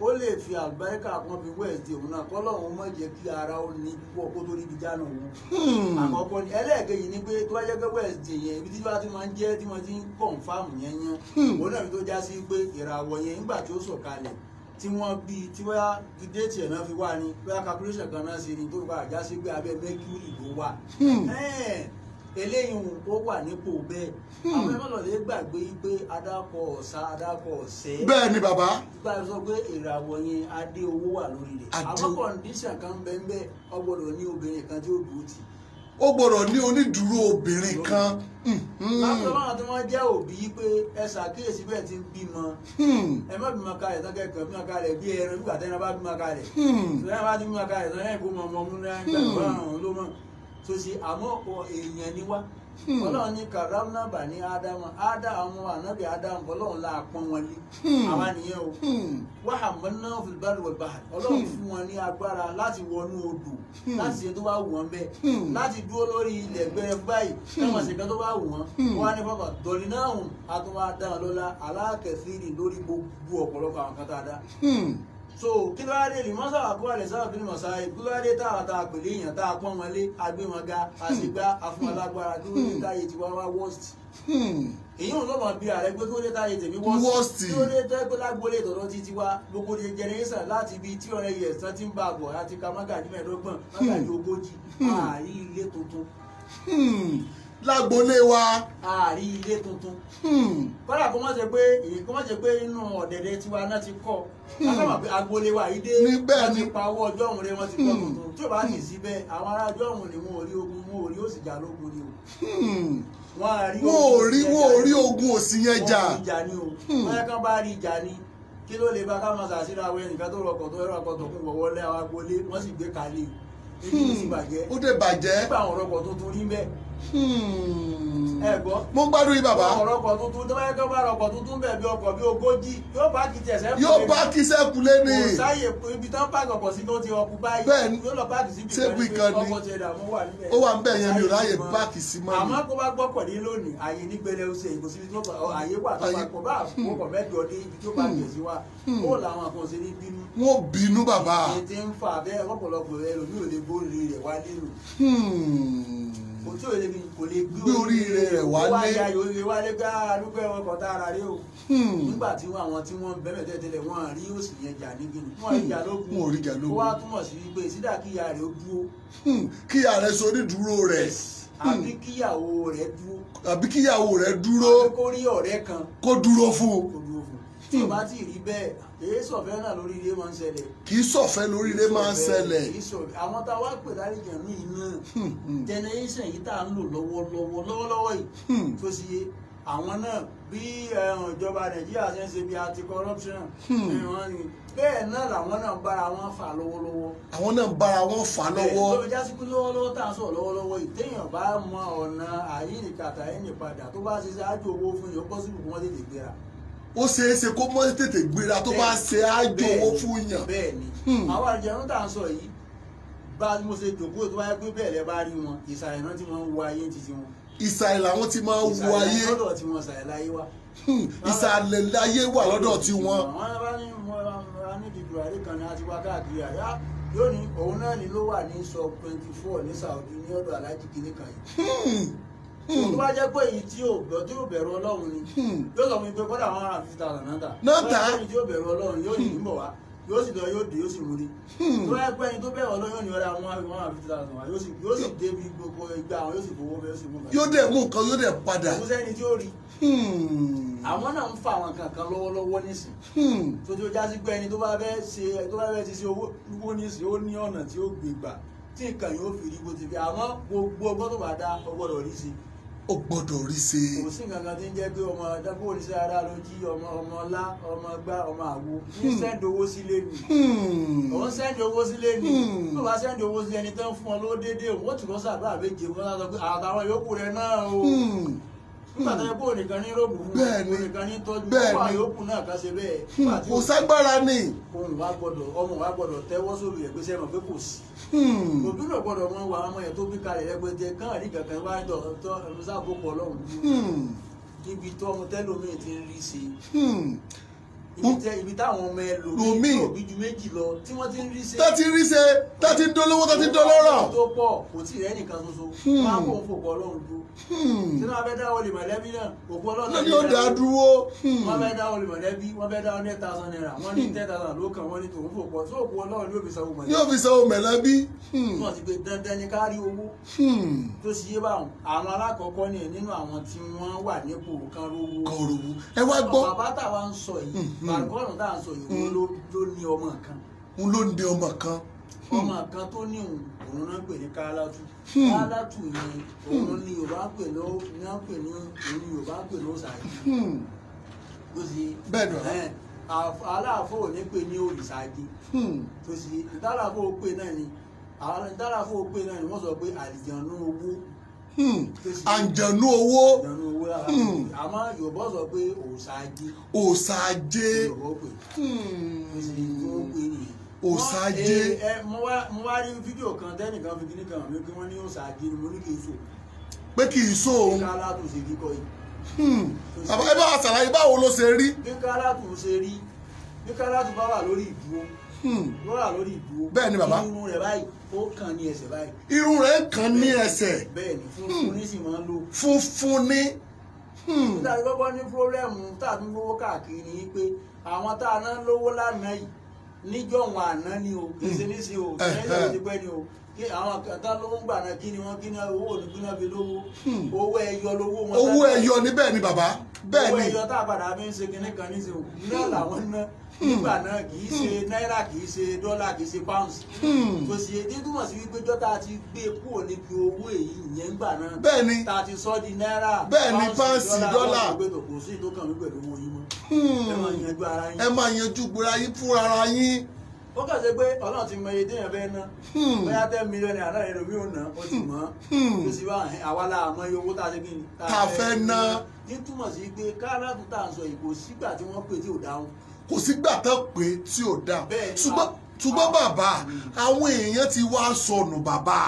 ó lè fi àgbáríkà kan òun náà kọ́lọ́hún ara ó ní púpọ̀ kó tó jáná òun. àkọ́kọ́ ni bá jẹ́ pé wẹ́ẹ̀sì yẹn ibi tí bá ti máa ń jẹ́ tí wọ́n ti ń kọ̀ǹfàmù yẹn yẹn hmm. òun náà tó já sí pé ìràwọ̀ yẹn nígbà tí ó sọ̀kalẹ̀ tí wọ́n bí tí wọ́n déètì ẹ̀ náà fi wá ní bóyá calculation kan náà ṣe ni tó bá já sí pé abẹ́ mercury ló wà hmm. eléyìí ó wà nípò bẹ́ẹ̀ hmm. àwọn ẹgbẹ́ lọ́lẹ́ gbàgbé pé adákọ̀ ọ̀sá adákọ̀ ọ̀sẹ́. bẹ́ẹ̀ ni bàbá. gba sọ pé ìràwọ̀ yẹn adé owó wà lórí rẹ̀ àwọn kọ̀ǹdíṣàn kan bẹ́ẹ̀ ọgbọ́dọ̀ ní obìnrin kan tí ó dùn ó tì í ó gbọ́dọ̀ ní onídùúró obìnrin kan. Hmm, hmm. látọ̀ lọ́nà tí wọ́n jẹ́ òbí pé ẹ ṣàkíyèsí bẹ́ẹ̀ ti bímọ hmm. ẹ má bímọ ká rẹ̀ tọ́kẹ́ bímọ ká bí ẹran bí gbàtẹ́ni bá bímọ ká rẹ̀ bá ti bímọ ká rẹ̀ tọ́kẹ́ kó mọ ọmọ ọmú náà gbàgbọ́ àrùn ló mọ̀ tó ṣe àmọ́ èèyàn ni wá Hmm. ọlọ́run ní karamna bani ádámù ádámù ànábì ádámù ọlọ́run la pọ́n wọn lé hmm. àwa nìyẹn o wà mọ́nà fìlbárì wọ̀ báyìí ọlọ́run hmm. fún wọn ní agbára láti wọnú odò láti ṣe tó bá wù wọn bẹ́ẹ̀ láti dúró lórí ilẹ̀ gbẹrẹ báyìí táwọn ṣèkẹ́ tó bá wù wọn wọn á ní fọkàn dọ̀lì náà àtúwádá lọ́la alákẹ́sìrì lórí gbogbo ọ̀pọ̀lọpọ̀ àwọn kan tá a dá. so kí ló wá dé lè mọ́sá wà lè sábà bínú mọ̀sá yìí kí ló wá dé táwa tá a pèlè èèyàn tá a pọ́n wọn lé agbémọ̀gá àṣegbá afúnalágbára kí ló dé hmm. táyé ti wá wá worst. Hmm. èyí ò bí ààrẹ pé tó láti bíi tí ọ̀rẹ́ ti ń ka lágbolé wa. ààrí ilé tuntun. Hmm. kọ́lá kó má ṣe pé kó má ṣe pé inú ọ̀dẹ̀dẹ̀ tiwa náà ti kọ́ látàmà hmm. pé agbolé wa yìí dé wọ́n ti pa owó ọjọ́ òun rẹ wọ́n ti kọ́ hmm. tuntun tí ò bá ní síbẹ̀ àwọn ará ọjọ́ òun ni wọn ò rí ogun wọn ò rí òsì jà lógun ni o. wọn ò rí wọn ò rí ogun òsì yẹn jà. wọn ò rí ìjà ni o wọn yẹ kán bá rí ìjà ni kí ló lè bá ká máa ṣàṣírà àwọn ẹnìkan tó rọkọ̀ tó rọ ọkọ̀ tó kún wọ̀wọ́lẹ́ àwọn agbolé wọ́n sì gbé kalẹ̀ ó dé bàjẹ́ nígbà àwọn ọ̀rọ̀pọ̀ tó torí bẹ́ẹ̀ Hmm. ẹ̀gbọ́n. mo ń gbádùn yín bàbá. ọ̀rọ̀ ọkọ̀ tuntun tó bá yẹ kó bá ọkọ̀ tuntun bẹ̀ bí ọkọ̀ bí ogójì yóò bá kì í tẹ̀sẹ̀ kúlé. yóò bá kì í sẹ́kù lé ní. kò sáyè ibi tán pàgọ́ pọ̀ sí ló ti ọkù báyìí. bẹ́ẹ̀ni sẹ́kù ìkan ni ó wà ń bẹ̀ yẹn mi ò ráyè páàkì sí mọ́ ni. àmọ́ kó bá gbọ́kọ̀ ní lónìí àyè ní gbélé ó wà tó bá kọ̀ bá hmm. àkókò mẹ́jọ sí wa hmm. ó làwọn àkànṣe ní bínú. wọ́n kò tí ò lè kò lè gbé orí rẹ̀ wálé wá ya orí wálé gbá arúgbó ẹwọn kan tá ara rí o hmm. nígbà tí àwọn tí wọ́n bẹ̀rẹ̀ tẹ́tẹ́lẹ̀ wọ́n rí òsì yẹn jà ní ni wọ́n rí ìjà lógun wọ́n rí ìjà lógun wọ́n á túmọ̀ sí wípé sídà kí ìyá rẹ̀ ó dúró. Hmm. kí ìyá rẹ̀ sọ onídùúró rẹ̀. Hmm. àbí kíyàwó rẹ̀ dúró. àbí kíyàwó rẹ̀ dúró. àbí kó rí ọ̀rẹ́ kan. kó dúró fún. kó dúró fún. tí ò bá èésọ̀fẹ́ náà lóríire máa ń ṣẹlẹ̀. kì í sọ̀fẹ́ lóríire máa ń ṣẹlẹ̀. àwọn tá a wá pè lárìjẹ̀ ní iná generation yìí tá a ń lò lọ́wọ́lọ́wọ́ lọ́wọ́lọ́wọ́ yìí hmm. tó sì yé àwọn náà bí ìjọba nàìjíríà ṣe ń ṣe bí anti corruption ìran hmm. ni bẹ́ẹ̀ náà làwọn náà bára wọn fà lọ́wọ́lọ́wọ́. àwọn náà bára wọn fà lọ́wọ́. bẹ́ẹ̀ ló jásí pé lọ́wọ́lọ́wọ́ tá a sọ lọ́wọ́lọ́wọ́ yìí téèyàn bá mọ ọ̀nà àyíǹkàtà ẹ̀yìn padà tó bá ṣe ṣáájú owó fún yìí ó pọ́sibù kí wọ́n tètè gbéra ó ṣeé ṣe kó mọ́ tètè gbéra tó bá ṣe ájò owó fún yàn. bẹ́ẹ̀ni hmm. àwọn àjẹrún tá à ń sọ yìí bá mo ṣe dòkó tó bá yẹ pé bẹ́ẹ̀ lẹ bá rí wọn ìsàlẹ̀ náà ti máa ń wo ayé ti ti wọn. ìsàlẹ̀ làwọn ti máa ń wo ayé. ìsàlẹ̀ hmm. lọ́dọ̀ tí wọ́n sàlẹ̀ láyé wá. ìsàlẹ̀ láyé wà lọ́dọ̀ tí wọ́n. wọ́n bá ní mo ra ní ìdìbò àrí kan ní àti wá káàkiri àyà lónìí òun náà ni ló wà ní sọ twenty four ní Saudi ní ọ̀dọ̀ alájí kìnìkan yìí. Hmm. Hmm. tó bá jẹ́ pé èyí tí yóò gbọ́ tí yóò bẹ̀rù ọlọ́run ni hmm. yóò sọ fún mi pé kọ́dà one hundred and fifty náà tà nọ́ọ̀tà èyí tí yóò bẹ̀rù ọlọ́run yóò hmm. ní bọ̀ wá yóò sì lọ yóò dé yóò sì múri tó bá pẹ́ yín tó bẹ̀rù ọlọ́run yóò ní ọ̀rẹ́ àwọn one hundred and fifty thousand wa yóò sì débi gbogbo ìgbà àwọn yóò sì fowó bẹ́ẹ̀ sì mú yóò dẹ̀ mú nǹkan yóò dẹ̀ padà. àwọn náà ń fa àwọn kankan lọ́wọ́lọ́wọ́ nísìn tó tí sí pé ẹni tó bá fẹ́ ṣe tó bá fẹ́ ṣe owó nísìn ó ní ọ̀nà tí ó gbé tí nǹkan yóò fi rí bó ti fi àmọ́ gbogbo ọgbọ́n tó bá dá ọgbọ́dọ̀ rí sí i ó gbọ́dọ̀ rí ṣe. kò sí nǹkan tí ń jẹ́ pé ọmọ dábò oníṣẹ́ ara ló jí ọmọ ọmọ ńlá ọmọ gbá ọmọ àwo ní hmm. sẹ́ńdì owó sílé nì. òun hmm. sẹ́ńdì owó sílé nì. tó hmm. bá sẹ́ńdì owó sí ẹni tó ń fún ọ lówó òun ó tì kọ́ sàdúrà méje wọn sọ pé àtàwọn yòókù rẹ náà o pàtàkì bó nìkan ní rògbò hmm, kò ságbára ni. ohun wa gbọ́dọ̀ ọmọ wa gbọ́dọ̀ tẹ́wọ́ sórí ẹgbẹsẹ mọ pé kò sí. Hmm. òbí náà gbọ́dọ̀ mọ wa ọmọ yẹn tó bí kalẹ̀ ẹgbẹjẹ kán àrí kankan wá ń tọ ẹmísà àkókò Ọlọ́run. níbi tó ọmọ tẹlómi ti ń rí sí i. Hmm. Hm? ibi táwọn ọmọ ẹ lò mí òbí ju méjì lọ tí wọ́n ti ń rí ṣe. tó ti rí ṣe tó ti ń dolówó tó ti ń dolóró. tó pọ̀ kò tí ì rẹ́ nìkan ṣoṣo hmm. máa kó òun fòpọ̀ ọlọ́run dúró. sínú hmm. abẹ́ dáwọ́ lè mọ̀lẹ́bí náà òpó ọlọ́run náà yóò dá dúró. Hmm. wọ́n fẹ́ dáwọ́ lè mọ̀lẹ́bí wọ́n fẹ́ dáwọ́ ní ten thousand naira wọ́n ní ten thousand ló wọ́n ní tòun fòpọ̀ tó òpó ọlọ́run yóò fi Hmm. wọ́n ti gbé dandan ní kárí owó hmm. tó ṣe yé báwọn àwọn alákọ̀ọ́kọ́ ni nínú àwọn tí wọ́n wà nípò kan rówó. kan ẹ wá gbọ́. bàbá táwa ń sọ yìí bàbá hmm, táwa ń sọ yìí òun ló ní ọmọ kan. òun ló ní ọmọ kan ọmọ kan tó ní òun náà pè ní kálátù kálátù yẹn òun ní yorùbá pè ní náà ní yorùbá pè ní òsàyè tó ṣe bẹ́ẹ̀ aláàfọ ò ní pè ní òrìṣàgé tó ṣe ìtàláfọ ó pè náà ni àwọn ìtàláfó pé náà ni wọ́n sọ pé àlìjànú owó hmm, àǹjànú owó hmm. àmọ́ yorùbá sọ pé òsàájé òsàájé hmm. òsàájé eh, eh, mo wá rí fídíò kan tẹ́nìkan fi kíní kan mi kí wọ́n ní òsàájé ni mo ní kì í so pé kì í so òun kíkálá tó ṣe kíkọ yìí. bàbá ibà àṣàlàyé báwo ló ṣe rí. kíkálá tó ṣe rí kíkálá tó bá wà lórí ìdúró lọ́wọ́ lórí ìdúró bẹ́ẹ̀ ni bàbá kí irun rẹ̀ báyìí ó kàn ní ẹsẹ̀ báyìí. irun rẹ̀ kàn ní ẹsẹ̀. bẹ́ẹ̀ni funfun hmm. ní sì máa ń lò. funfun ní. Hmm. nígbà tí kọ́kọ́ ní pírọ́blẹ́mù tá a fi gbowó káàkiri ni pé àwọn tá a ná lówó lánàá yìí níjọ́ wọn àná ni o èsì nísì o ẹ̀yìn ti pẹ́ ni o kí àwọn kàtà ló ń gbà náà kí ni wọ́n kí ni owó òní kí náà fi lówó hmm. owó ẹyọ lówó wọn. owó ẹyọ ni bẹ́ẹ̀ ni bàbá bẹ́ẹ̀ ni owó ẹyọ tá a padà fi ń ṣe kinní kan níṣẹ́ o náà làwọn náà nígbà hmm. náà kì í ṣe hmm. náírà kì í ṣe dọ́là kì í ṣe pounds hmm. kò sì èdè túmọ̀ sí wípé jọ́ta ti gbé kúrò níbi owó èyí ìyẹn ńgbà náà bẹ́ẹ̀ni ta ti sọ di náírà pounds dọ́là kò sí ìtókàn mi pẹ̀lú owó yín mọ́ ẹ máa yanjú gbora yín fúnra ara yín ó kàn ṣe pé ọlọ́run ti mọ iye téèyàn fẹ́ ná bóyá ten million naira náà ẹlòmíì ò ná ó ti mọ̀ ó sì wá àwa la iye owó tá a ṣe kí ni. tá fẹ́ ná. ní túmọ̀ sí pé káràtù tá à sọ ìkò kò sígbà tán pé tí ò dáa ṣùgbọ́n bàbá àwọn èèyàn ti wá sọnù bàbá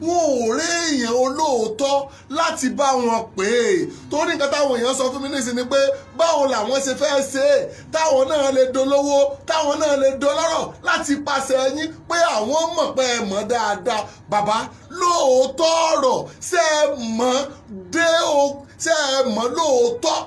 wọn ò rí èèyàn olóòótọ́ láti bá wọn pè é torí nǹkan táwọn èèyàn sọ fún mi nísìn ni pé báwo làwọn ṣe fẹ́ ṣe é táwọn náà lè dolówó táwọn náà lè dolọ́rọ̀ láti pàṣẹ yín pé àwọn mọ̀ pé ẹ mọ̀ dáadáa bàbá lóòótọ́ ọ̀rọ̀ ṣe é mọ̀ dé o ṣe é mọ̀ lóòótọ́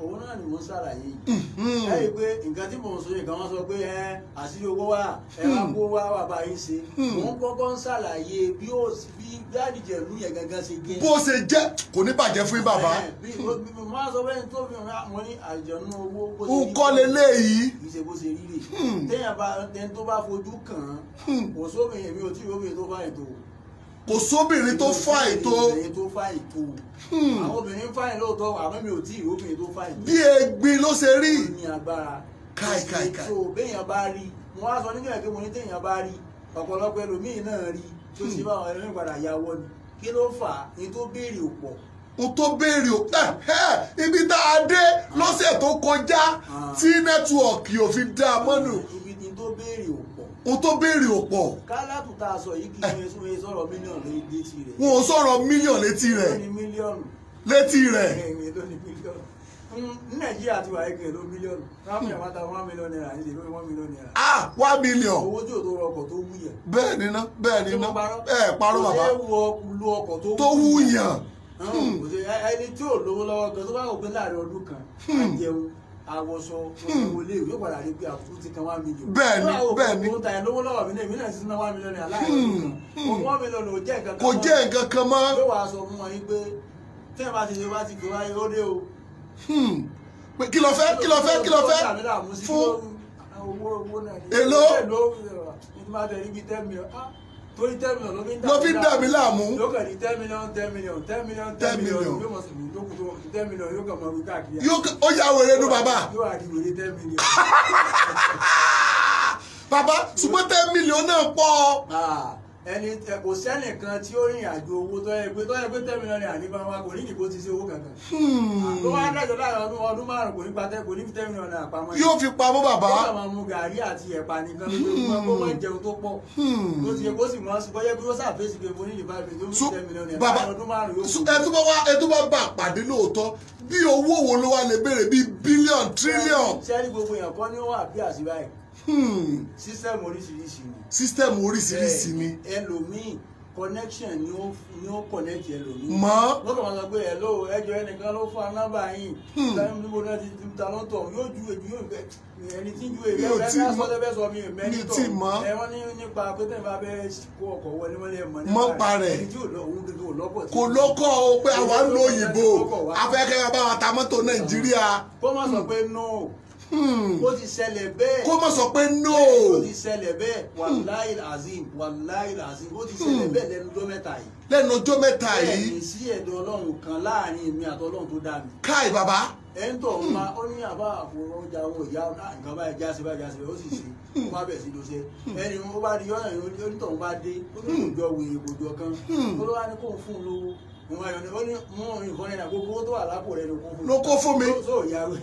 òun náà ni mò ń ṣàlàyé yìí hmm. ẹ rí i pé nǹkan tí mò ń sọ yìí kan wọ́n sọ pé ẹ àṣírí owó wa ẹ wá hmm. kó wá wà bá yín ṣe hmm. mò ń kọ́kọ́ ń ṣàlàyé bí ó bí dáàdìjẹ̀ lù yẹn gangan ṣe gé. bó ṣe jẹ́ kò ní bàjẹ́ fún bàbá. bí mo sọ pé n tó fi hàn mo ní àjọ̀nú owó bó ṣe rí rí nkọ́ lélẹ̀ yìí. kì í ṣe bó ṣe rí rí téèyàn bá ẹni tó bá fojú kàn án kò sómi èmi ò tí kò sóbìnrin tó fà ètò. obìnrin tó fà ètò. Hmm. àwọn obìnrin fà ètò lóòótọ́ àmọ́ mi ò tí ì rí obìnrin tó fà ètò. bí egbin ló ṣe rí. ó ní agbára. káì káì káì. so béèyàn sọ nígbà pé mo ní téèyàn bá rí ọ̀pọ̀lọpọ̀ ẹlòmíì náà rí tó ṣe hmm. báwọn ẹlòmíì padà yàwọ́ ni kí ló fà á ní tó béèrè ò pọ̀ o tó béèrè o ibi tá a dé lọ́sẹ̀ tó kọjá ah. tí nẹ́tíwọ̀kì ò fi dá a mọ́nu. ibi tó béèrè o o tó béèrè ò pọ̀. kálátù tá a sọ yìí kì í ṣe sọ̀rọ̀ mílíọ̀nù létí rẹ̀. wọn ò sọ̀rọ̀ mílíọ̀nù létí rẹ̀. lóní mílíọ̀nù. létí rẹ̀. lóní mílíọ̀nù. nàìjíríà ti wà ẹgbẹ́ ló mílíọ̀nù. ráàmù yàrá ta one million naira ní ìlú one million naira. ah one million. owó tí o tó rọkọ̀ tó wú yẹn. bẹ́ẹ̀ ni ná bẹ́ẹ̀ ni ná ẹ parọ́ bàbá. tó wú yẹn. ẹni tí ò lówó lọ́wọ́ gan tó bá wọ àwọ̀sọ owó ilé ìwé padà rí pé àkókò ti kan one million. bẹ́ẹ̀ni bẹ́ẹ̀ni ó ta ẹ lówó lọ́wọ́ mi náà èmi náà ti ná one million aláìsí kan one million ò jẹ́ nǹkan kan mọ́ kò jẹ́ nǹkan kan mọ́. yóò wá sọ fún wọn yín pé tí ẹ bá ti ṣe bá ti gbé ó dé o. pé kí ló fẹ́ kí ló fẹ́ kí ló fẹ́ fún èlò. ìdí máa tẹ̀ níbi ten million torí ten million ló fi ń dà mí láàmú. ló fi ń dà láàmú. yóò kàn ní ten million ten million ten million ten million yóò mọ̀ sí mi yóò tó ten million yóò kàn mọ̀ wí káàkiri. yóò ó yà wèrè nu bàbá. yóò àdì wèrè ten million. [LAUGHS] bàbá ṣùgbọ́n ten million náà pọ̀. Ah ẹni kò sẹ́nìkan tí ó rìn àjò owó tó yẹ pé tó yẹ pé tẹ́mínọ́rì àníbá wa kò ní ìdìbò ti ṣe owó kankan. Hmm. tó wá dájọ́ láàrin ọdún ọdún márùn-ún kò ní patẹ́ kò ní tẹ́mínọ́rì àpamọ́. yóò fi pamọ́ bàbá. yóò máa mu gàrí àti ẹ̀pà nìkan lójoojúmọ́ kó mọ̀ hmm. jẹun tó pọ̀. tó hmm. ti yẹ kó sì máa bọ́yẹ bí wọ́n sàfẹ́sì pé mo ní ìdìbò àgbẹ̀ tó ní tẹ́mínọ́rì àpamọ́ ọdún márùn-ún Hmm. system oríṣiríṣi ni. system oríṣiríṣi ni. ẹlòmíì connection ni ó ni ó connect ẹlòmíì. mọ́. lọ́kàn máa sọ pé hello ẹjọ́ ẹnìkan ló fún anábà yìí. táwọn níbo náà ti ti ta lọ́tọ̀ yóò ju èmi yóò bẹ ẹni tí ń ju èmi ẹgbẹ́ ẹgbẹ́ sọ́dọ̀ bẹ́ẹ̀ sọ mi ò mẹ́ni tó ẹ wọ́n ní nípa pété bá bẹ́ẹ̀ kó ọkọ̀ wọlé wọlé ẹ̀ mọ́ nípa rẹ̀ ẹni tí ò lọ́kọ̀ kò lọ́kọ̀ o pé àwa ń lo òyìnbó afẹ́kẹ́ bá wa ta mọ́tò Nàìjíríà. kó má sọ pé no. Hmm. ó ti ṣẹlẹ̀ bẹ́ẹ̀. kó má sọ pé no. ó ti ṣẹlẹ̀ bẹ́ẹ̀ wàláì azim wàláì azim ó ti ṣẹlẹ̀ hmm. bẹ́ẹ̀ lẹ́nu ọjọ́ mẹ́ta yìí. lẹ́nu ọjọ́ mẹ́ta yìí. bẹ́ẹ̀ ni sí ẹ̀dọ̀ ọlọ́run kan láàrin mi àtọ́lọ́run tó dá mi. káì bàbá ẹ̀ńtọ̀ hmm. ma ó ní àbá àfòrán ọjà owó ìyá ah, nǹkan báyìí jáse báyìí jáse báyìí ó sì ṣe ó bá bẹ̀ sí ló ṣe ẹni ó bá di ọ̀nà onítọ̀ ń bá dé ó ní òjò wèrè òjò kan ó ló wá ní kó fún un lówó òun ayọ̀ ni ó ní mú òun nǹkan náírà gbogbo tó wà lápò rẹ̀ ló kó fún mi. ló kó fún mi. tó yà wẹ̀.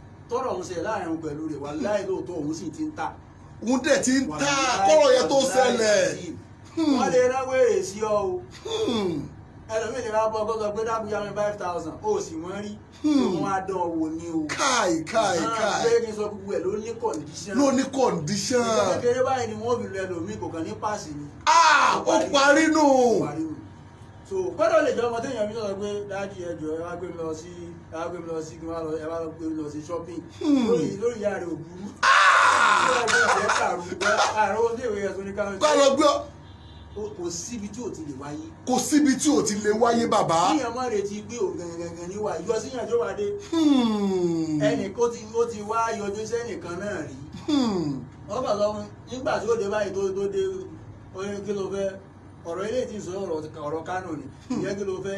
tọrọ òun ṣe láàrin pẹ̀lú rẹ̀ wà láì lóòótọ́ òun sì ti ń ta. òun dẹ̀ ti ń ta kọ́rọ̀ yẹn tó ṣẹlẹ̀. wọ́n lè ráwé èrè sí ọ o hmm. ẹlòmíì lè rà bọ́ gbọ́dọ̀ gbé dábìyà mi five thousand ó sì wọ́n rí òun hmm. á dán ni o. káì káì káì. ṣé kí n sọ gbogbo ẹ̀ ló ní condition. ló ní condition. ìgbà kékeré báyìí ni wọ́n fi lu ẹlòmíì kò kàn ní páàsì ni. Ah, ó parí nù. ó parí nù so kọ́dọ̀ lè jọ ọmọ téèyàn mi sọ̀rọ̀ pé dájú ẹjọ́ ẹ wá gbé mi lọ sí ẹ wá gbé mi lọ sí kí ẹ wá gbé mi lọ sí shopping hmm. lórí lórí ìyá rẹ̀ òbúrú. Ah! kọ́ lọ gbé ọ kò síbi tí ò ti lè wáyé. kò síbi tí ò ti lè wáyé bàbá. kíyàn má retí pé òun gangan ni wà yọ síyàn tó wà dé. Hmm. ẹnì kó ti ó ti wá yọjú sẹ́nìkan náà rí. Hmm. wọ́n bàtọ́ nígbà tí ó dé báyìí tó dé oyin kí ló fẹ́ ọ̀rọ̀ ilé tí ń sọ ọ̀rọ̀ kánò ni ìyẹn kí ló fẹ́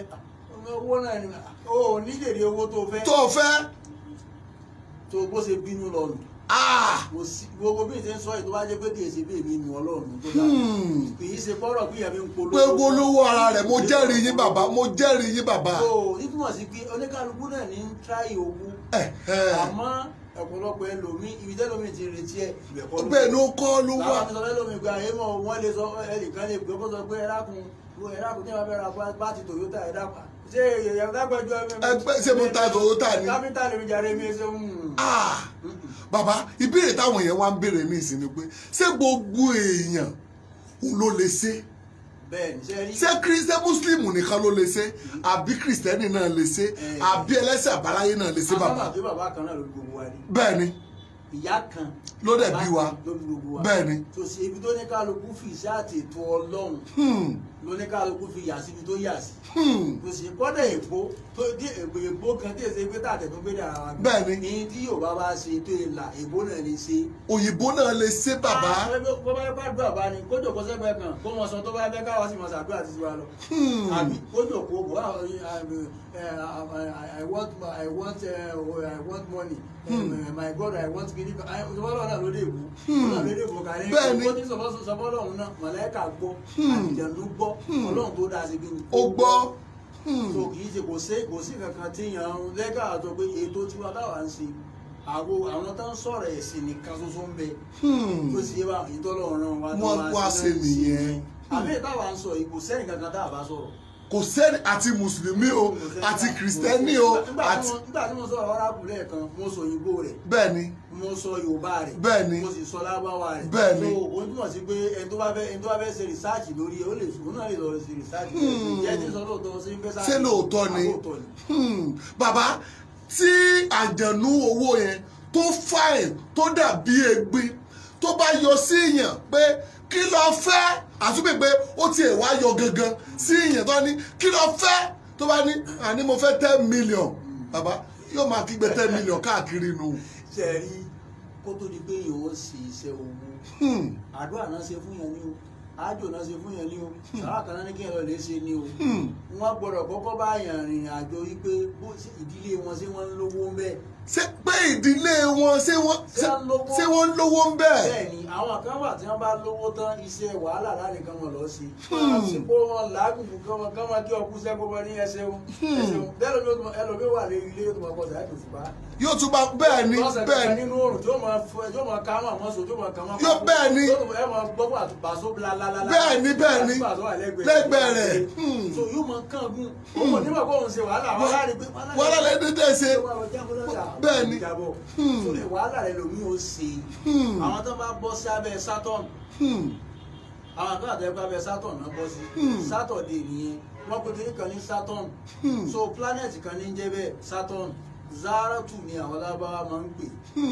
owó náà ni o ò ní lè rí owó tó fẹ́. tó fẹ́. tó bó ṣe bínú lọ gbogbo bí ìṣe ń sọ yìí tó bá jẹ́ pé kìí ṣe bí èmi ni ọlọ́run tó dáa hmm. kìí ṣe bọ́rọ̀ bí ìyàmí ń polówó. pé polówó ara rẹ̀ mo jẹ́rìí yín bàbá mo jẹ́rìí yín bàbá. o ìtumọ̀ sí pé oníkálukú náà ní ń tíráyì owó àmọ́ ọ̀pọ̀lọpọ̀ ẹlòmíì ibi tẹ́lòmíì ti retí ẹ ibẹ̀ kọ́ ló bẹ́ẹ̀ ló kọ́ ló wà. láwọn ti sọ lẹ́lòmíì pé mọ̀ wọ́n lè sọ ẹnìkan lè gbé kó sọ pé ẹ̀rákùn tí wọ́n fẹ́ ra pátì Toyota ẹ̀dàpà ṣé èyàn dágbẹ́jọ́ ẹgbẹ́ ṣé mo ta Toyota ni. kápítà lè mi jàre mi ṣe ń. bàbá ìbéèrè táwọn èèyàn wá ń béèrè mi sí pé ṣé gbogbo èèyàn ló lè ṣe ṣé kírísítẹ́ mùsùlùmù nìkan ló lè ṣe mm-hmm. àbí kírísítẹ́nì náà lè ṣe eh. àbí ẹlẹ́sẹ̀ àbáláyé náà lè ṣe bàbá. bẹ́ẹ̀ ni ìyá kan ló dẹ̀ bí wa bẹ́ẹ̀ tòsí ibi tó ní kálukú fi ìṣáàtì ètò ọlọ́run hmm lóníkàlùkù fi yà síbi tó yà sí. Hmm. kò sí kọ́dà èpo tó dé èpo èpo kan tí èsè pé tàtẹ̀ tó gbé dára wa. bẹ́ẹ̀ni ní tí Yorùbá bá ṣe tó yẹ là èpo náà lè ṣe. òyìnbó náà lè ṣe bàbá. Ah, bó bá bá dùn àbá ni kó jòkó sẹ́gbẹ́ kan kó wọn sọ tó bá fẹ́ káwọn sì mọ sàdúrà títí wa lọ. Hmm. àbí kó jòkó bó ah, eh, ah, eh, I want I want eh, I want money. Hmm. My God I want kiri kan ìwọ́lọ́ náà ló dé èkó. bẹ́ẹ̀ni kó ti sọ fọ́ sọ fọ́ lọ́hùn náà mọ̀lẹ́kà gbọ́ àjẹ̀lú gbọ́ Hmm. Hmm. ọlọ́run tó dáa sí gbìn. ó gbọ́ hmm. so kì í ṣe kò sí kò sí kankan tí yàn án lẹ́gà àtọ́ pé ètò tiwa táwa ń ṣe àgbo àwọn tó ń sọ̀rọ̀ ẹ̀sìn nìkan ṣoṣo ń bẹ tó sì yé wa ìtọ́lọ́run wa tó wá sí nìyẹn àbí táwa ń sọ ìkòsẹ́yìn kankan tá a bá sọ̀rọ̀ kò sẹ́ni àti mùsùlùmí o àti kìrìsìtẹ́nì o. nígbà tí mo sọ ọ̀rábù lẹ́ẹ̀kan mo sọ òyìnbó rẹ̀. bẹ́ẹ̀ni. mo sọ yorùbá rẹ̀. bẹ́ẹ̀ni. mo sì sọ lábáwá rẹ̀. bẹ́ẹ̀ni. so òun túmọ̀ sí pé ẹni tó bá fẹ́ ẹni tó bá fẹ́ ṣe rìsáàcì lórí ẹ ó lè òun náà lè lọ ṣe rìsáàcì. Hmm. ṣé lóòótọ́ ni hmm. bàbá tí àjànú owó yẹn tó fáìn tó dàbí egbin tó bá yọ sí yàn pé kí ló fẹ́ àtúgbègbè ó tiẹ̀ wá yọ gangan sí ìyẹn tó ní kí ló fẹ́ tó bá ní àní mo fẹ́ ten million bàbá yóò máa kígbe ten million káàkiri nù. ṣe rí kó tó di pé yòówó sì ṣe owó hmm. àdúrà náà ṣe fún yẹn ní o àjò náà ṣe fún yẹn ní o hmm. sàrà kan náà ní kí ẹ lọ lè ṣe ni o hmm. wọn gbọ́dọ̀ kọ́kọ́ bá yàn rìnrìn àjò yìí pé bó ìdílé wọn ṣe wọn lówó ń bẹ́ẹ̀ ṣé pé ìdílé wọn ṣé wọ́n lówó ń bẹ̀. bẹ́ẹ̀ni àwọn kan wà tí wọ́n bá lówó tán iṣẹ́ wàhálà láti kan wọn lọ sí. Hmm. àsìkò wọn làágùnkù kan wọn kan wọn kí ọkùn sẹkọọ bá ní ẹsẹ wọn. Hmm. bẹ́ẹ̀ lómi ẹlòmí wà lé ilé yóò tún máa kọ sàá tó fipá. yóò tún máa bẹ́ẹ̀ ni bẹ́ẹ̀ ni. yóò máa ká máa mọ́sọ̀ yóò máa ká máa. yóò bẹ́ẹ̀ ni. ẹ máa gbọ́ pé àtùpàṣọ blalala. bẹ́ẹ̀ ni bẹ́ẹ̀ ni lẹ́gbẹ̀ẹ́ hmm. so yóò máa kángun. òun ò ní bẹ́ẹ̀ ni hmm. sórí wàhálà rẹ lomi ò ṣe hmm. àwọn tó bá bọ́ sí abẹ́ Saturn hmm. àwọn àkọ́nà tó abẹ́ Saturn náà bọ́ sí Saturday nìyẹn wọ́n pe kan ní Saturn so planet kan ní jẹ́ bẹ́ẹ̀ Saturn zaratu ni àwọn lábáwá máa ń pè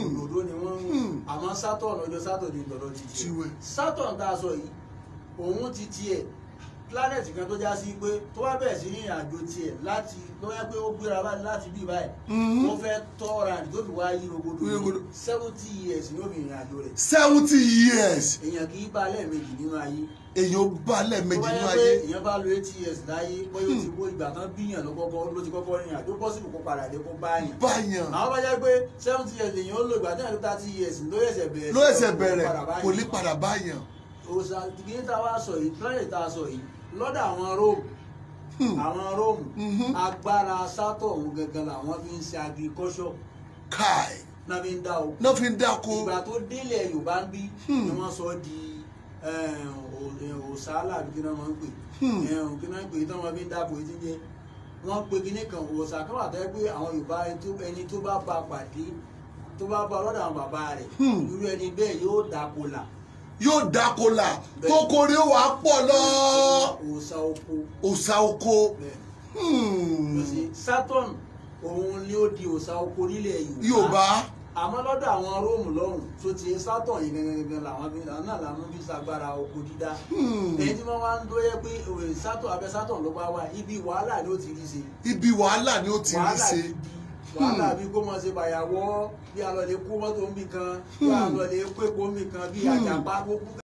òdòdó ni wọ́n ń àmọ́ Saturn ọjọ́ Saturday lọ́dọ̀ ti tiẹ̀ Saturn tá a sọ yìí òun ti tiẹ̀ planet kan tó já sí pé tó bá bẹ̀rẹ̀ sí ní ìrìnàjò tiẹ̀ láti ló yẹ pé ó gbéra báyìí láti bí báyìí mm-hmm. ó fẹ́ tọ́ra tó fi wá yí rogodo seventy years ni ó fi ìrìnàjò rẹ̀. seventy years. èèyàn kì í bá lẹ́ẹ̀mejì nínú ayé èèyàn bá lẹ́ẹ̀mejì ní ayé. èèyàn bá lo eighty years láyé bóyá o ti wo hmm. ìgbà kan bíyàn ló kọ́kọ́ ló ti kọ́kọ́ rìn àjò pọ́sibù kó padà dé kó báyàn. báyàn. àwọn bá jẹ́ pé seventy years èèyàn ó lo ìgbà tí wọ́n ti thirty years ló ẹ̀sẹ̀ bẹ̀rẹ̀. ló ẹ̀sẹ̀ bẹ̀rẹ̀ kò ní padà báyàn. òòsàn kì í ta wá sọ yìí planet ta sọ yìí lọ́dọ̀ àwọn róòmù hmm. àwọn róòmù mm-hmm. agbára sátọ̀hún gangan làwọn fi ń ṣe agirikọ́ṣọ̀. káì náà fi ń dá o. náà fi ń dá ko. ìgbà tó délẹ̀ yorùbá ń bí hmm. ni wọ́n sọ di eh, eh, òsàlà bí kí náà máa ń pè hmm. eh, kí náà ń pè tí wọ́n fi ń dáàbò etí jẹ́ wọ́n pe kíní kan òsà wà tẹ́ pé àwọn yorùbá ẹni tó bá ba pàdé tó bá ba lọ́dọ̀ àwọn bàbá rẹ̀ irú ẹni bẹ́ẹ̀ yóò dáko là yóò dáko là kókóré wà á pọ̀ lọ. òòṣà oko. òòṣà oko. Hmm. Saturn òun ni ó di òòṣà oko nílẹ̀ Yorùbá àmọ́ lọ́dọ̀ àwọn róòmù lọ́hùn tó ti sátọ̀ yìí gangan làwọn náà làwọn bí sagbára oko dídá èyí hmm. tí wọ́n wá ń dóyẹ́ pé eh, sátọ̀ abẹ́ sátọ̀ ló bá wà ibi wàhálà ni ó ti rí ṣe. ibi wàhálà ni ó ti rí ṣe. wàhálà ti di wàhálà hmm. bíi kó mọ̀ ṣe bàyàwọ́ bí alọ̀lẹ̀ kó mọ́tò ń bì kan bí alọ̀lẹ̀ hmm. pépo ń bì kan bí hmm. àjàpá gbogbo